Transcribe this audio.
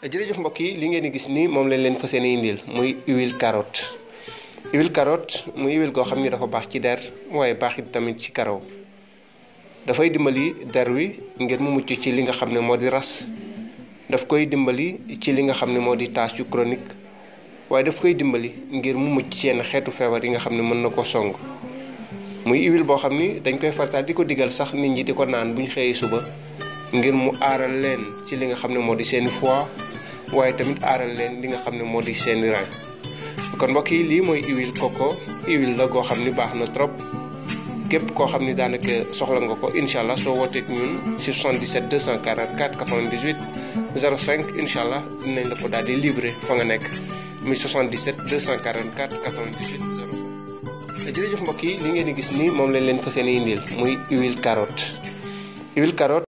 jërëjëf mbokk yi li ngeen di gis nii moom lañ leen fa yéene indil muy huile karoot huile carotte mu huile goo xam ni dafa baax ci der waaye baax it tamit ci karaw dafay dimbali der wi ngir mu mucc ci li nga xam ne moo di ras daf koy dimbali ci li nga xam ne moo di tache yu chronique waaye daf koy dimbali ngir mu mucc ci yenn xeetu feebar yi nga xam ne mën na ko song muy huile boo xam ni dañ koy fartaal di ko digal sax nit ñi di ko naan bu ñu xëyee suba. ngir mu aaral leen ci li nga xam ne moo di seen foi waaye tamit aaral leen li nga xam ne moo di seen rang kon mbokk yi lii mooy huile coco huile la koo xam ni baax na trop képp koo xam ni daanaka soxla nga ko incha allah soo wootee ñun si 77 244 98 05 incha allah dinañ la ko daal di livré fa nga nekk muy 77 244 98 05. jërëjëf mbokk yi li ngeen di gis nii moom lañ leen fas yéene indil muy huile carotte huile carotte.